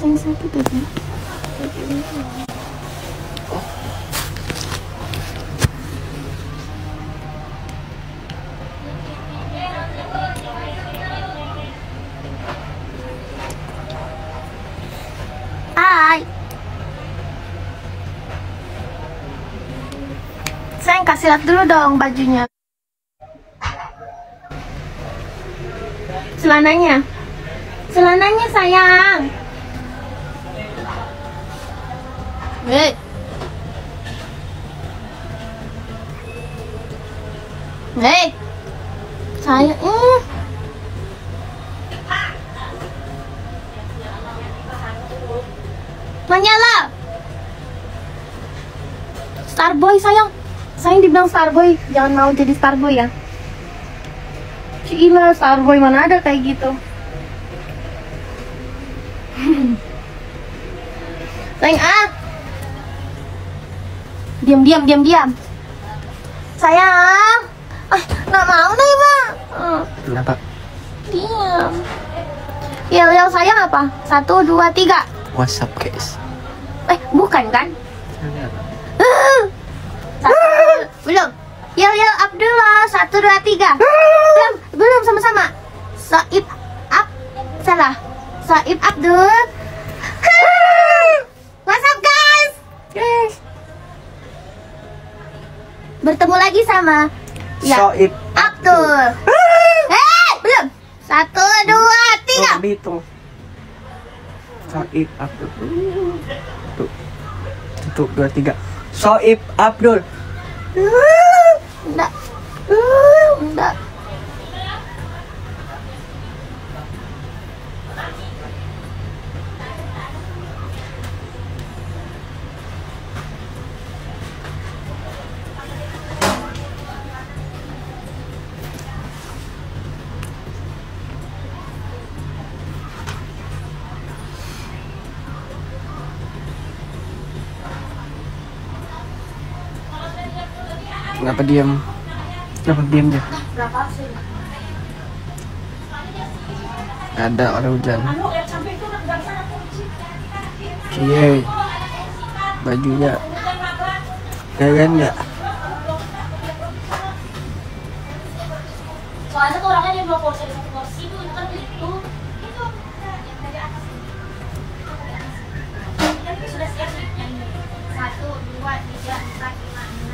saya Sayang kasih lihat dulu dong bajunya Celananya Celananya sayang Hei. Hei. Saya hmm. Menyala. Starboy sayang. Sayang dibilang Starboy, jangan mau jadi Starboy ya. Gila, Starboy mana ada kayak gitu. sayang ah diam diam diam diam sayang ah nggak mau nih bang kenapa diam yel ya, yel ya, sayang apa satu dua tiga WhatsApp guys eh bukan kan satu, belum yel ya, yel Abdullah satu dua tiga belum belum sama sama Saib Ab salah Saib Abdul guys? Yes bertemu lagi sama ya. Soib Abdul. Hei, eh, belum. Satu, dua, tiga. Belum hitung. Soib Abdul. Tuh. Satu, dua, tiga. Soib Abdul. Enggak. Enggak. Kenapa diam? Kenapa diam dia? Ada orang hujan. Cie, iya. bajunya keren nggak?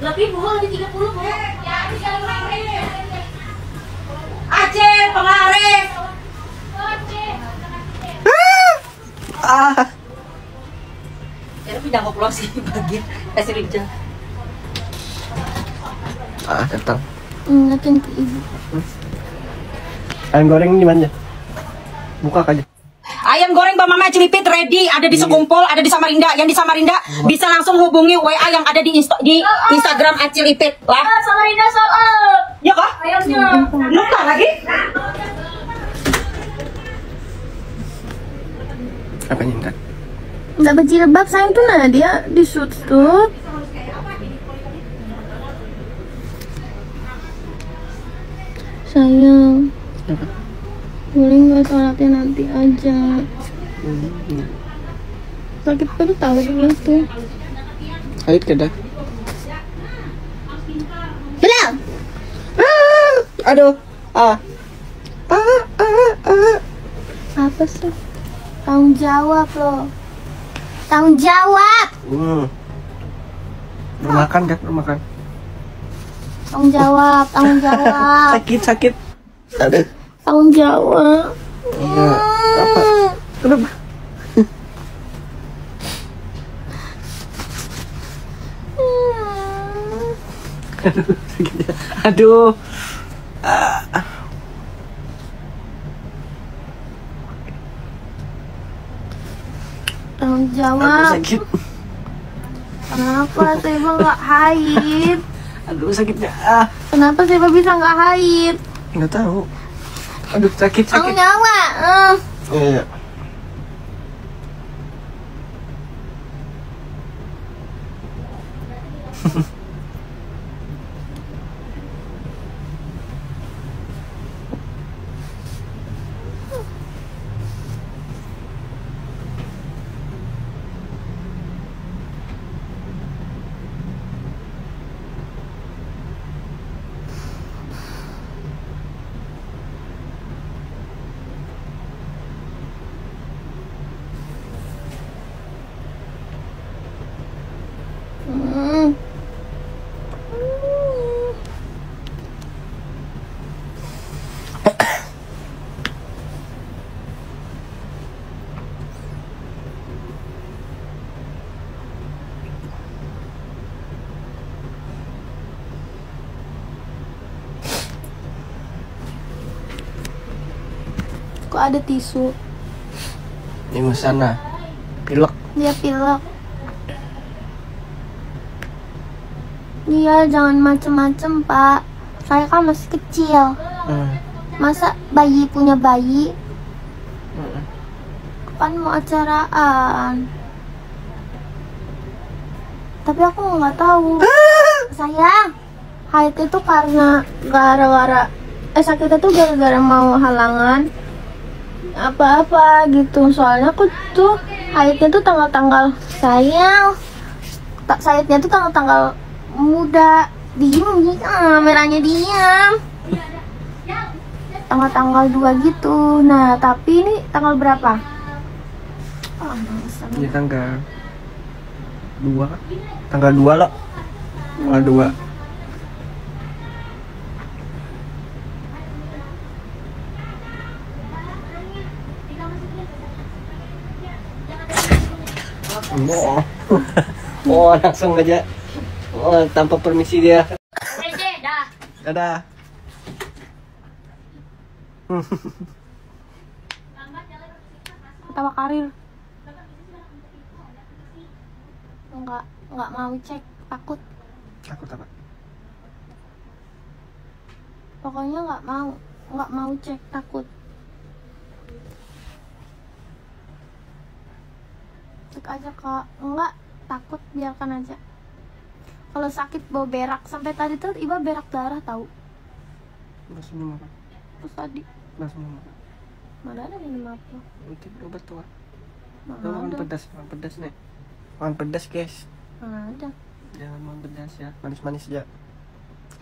lebih buku lebih tiga puluh bu Aceh pengarif ah ya tapi jangan pulang sih bagian es rinja ah datang ingatin ke ibu ayam goreng di mana buka aja Ayam goreng Bang Mama Cilipit ready, ada di iya. Sekumpul, ada di Samarinda. Yang di Samarinda iya. bisa langsung hubungi WA yang ada di, insta di Instagram Acilipit lah. Samarinda sold out. Ya kah? Ayamnya. Lupa lagi? Apa Intan? Enggak benci lebab sayang tuh nah dia di shoot tuh. Sayang. Apa? Iya, boleh nggak sholatnya nanti aja sakit perut tahu itu Ayo kita belum ah, aduh ah ah ah ah apa sih tanggung jawab lo tanggung jawab uh. makan kan makan tanggung jawab tanggung jawab sakit sakit aduh tanggung jawab. Iya. Apa? Kenapa? Aduh. Tanggung jawab. Aduh, sakit. Kenapa Seba nggak haid? Aduh sakitnya. Ah. Kenapa Seba bisa nggak haid? Nggak tahu. Aduh sakit sakit. Aku nyawa. Uh. Iya. Yeah. kok ada tisu di sana pilek dia pilek dia jangan macem-macem, Pak. Saya kan masih kecil. Hmm. Masa bayi punya bayi? Hmm. Kan mau acaraan. Tapi aku nggak tahu. Sayang, haid itu karena gara-gara... Eh, sakit itu gara-gara mau halangan apa-apa gitu soalnya aku tuh haidnya tuh tanggal-tanggal sayang tak sayatnya tuh tanggal-tanggal muda diem diem ah, merahnya diam tanggal-tanggal dua gitu nah tapi ini tanggal berapa oh, ini tanggal dua tanggal dua loh tanggal dua oh, oh langsung aja oh, tanpa permisi dia dadah Tawa karir Enggak, enggak mau cek takut takut apa pokoknya enggak mau enggak mau cek takut cek aja kak enggak takut biarkan aja kalau sakit bawa berak sampai tadi tuh iba berak darah tahu terus minum apa terus tadi terus minum apa mana ada minum apa itu obat tua Mana pedas, makan pedas nih. Makan pedas, guys. Mana ada. Jangan ya, makan pedas ya. Manis-manis aja.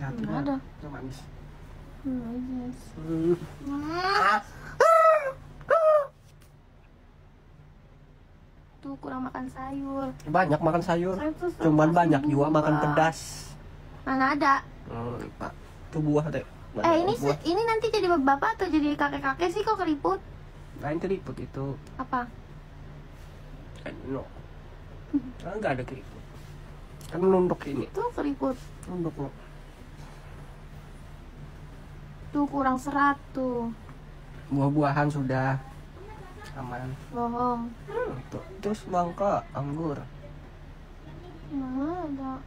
Ya. ya, mana ada. Manis. Manis. Hmm. Ah! itu kurang makan sayur banyak makan sayur cuman banyak juga makan pedas mana ada hmm, pak itu buah deh eh ini buah. ini nanti jadi bapak atau jadi kakek kakek sih kok keriput lain nah, keriput itu apa kan, no kan nggak ada keriput kan nunduk ini itu keriput nunduk loh tuh kurang serat tuh buah-buahan sudah aman bohong hmm, gitu. terus bangka anggur mana ada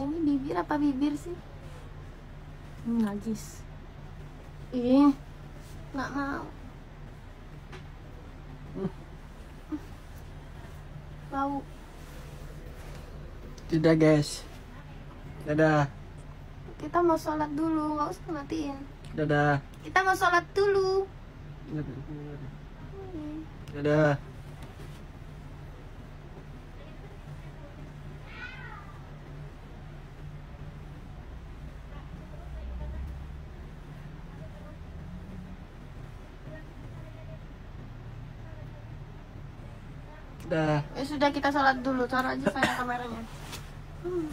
ini bibir apa bibir sih hmm, najis ih nggak mau hmm bau. tidak guys. Dadah. Kita mau sholat dulu, nggak usah matiin. Dadah. Kita mau sholat dulu. Dadah. Hmm. Ya sudah kita sholat dulu, taruh aja saya kameranya. Hmm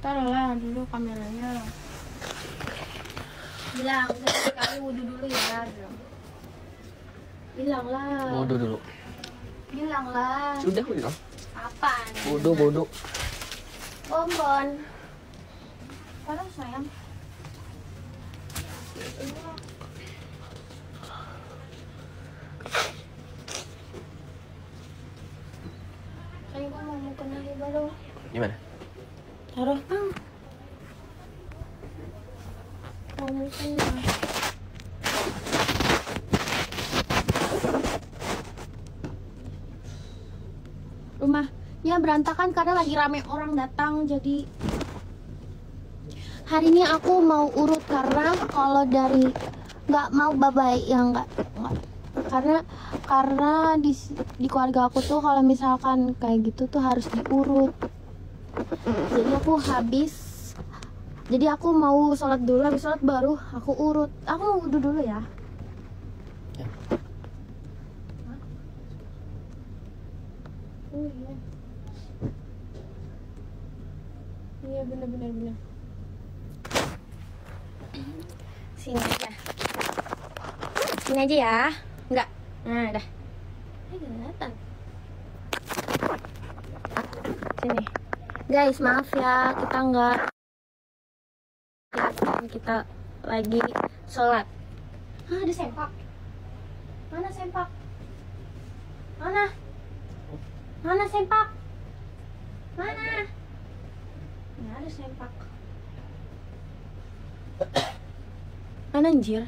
taruhlah dulu kameranya bilang kali wudhu dulu ya bilang bilang lah wudhu dulu bilang lah sudah wudhu apa wudhu wudhu bonbon kalau sayang Saya mau kenali baru. Gimana? Taruh Rumahnya berantakan karena lagi rame orang datang jadi hari ini aku mau urut karena kalau dari nggak mau babai yang nggak karena karena di di keluarga aku tuh kalau misalkan kayak gitu tuh harus diurut jadi aku habis jadi aku mau sholat dulu habis sholat baru aku urut aku mau wudhu dulu ya, ya. Oh, iya. Iya benar benar benar. Sini aja. Sini aja ya. Enggak. Nah, dah. Ini kelihatan. Sini guys maaf ya kita nggak kita lagi sholat Hah, ada sempak mana sempak mana mana sempak mana nggak ada sempak mana anjir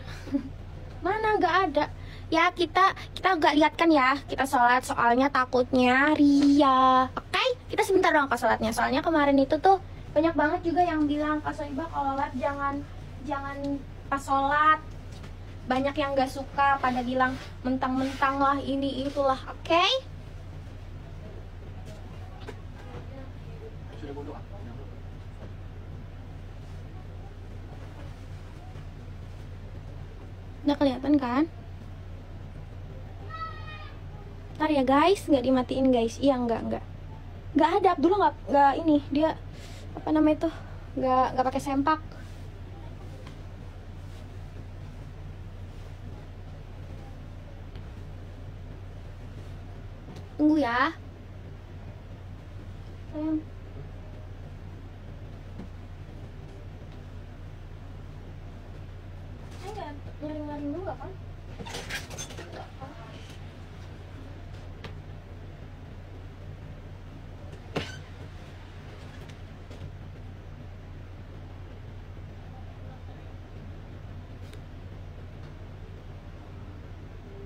mana nggak ada ya kita kita nggak lihat kan ya kita sholat soalnya takutnya ria oke okay? kita sebentar dong ke sholatnya soalnya kemarin itu tuh banyak banget juga yang bilang kak Soiba kalau live jangan jangan pas sholat banyak yang gak suka pada bilang mentang-mentang lah ini itulah oke okay? udah ah. kelihatan kan ntar ya guys nggak dimatiin guys iya nggak nggak nggak ada dulu nggak nggak ini dia apa namanya tuh nggak nggak pakai sempak tunggu ya sayang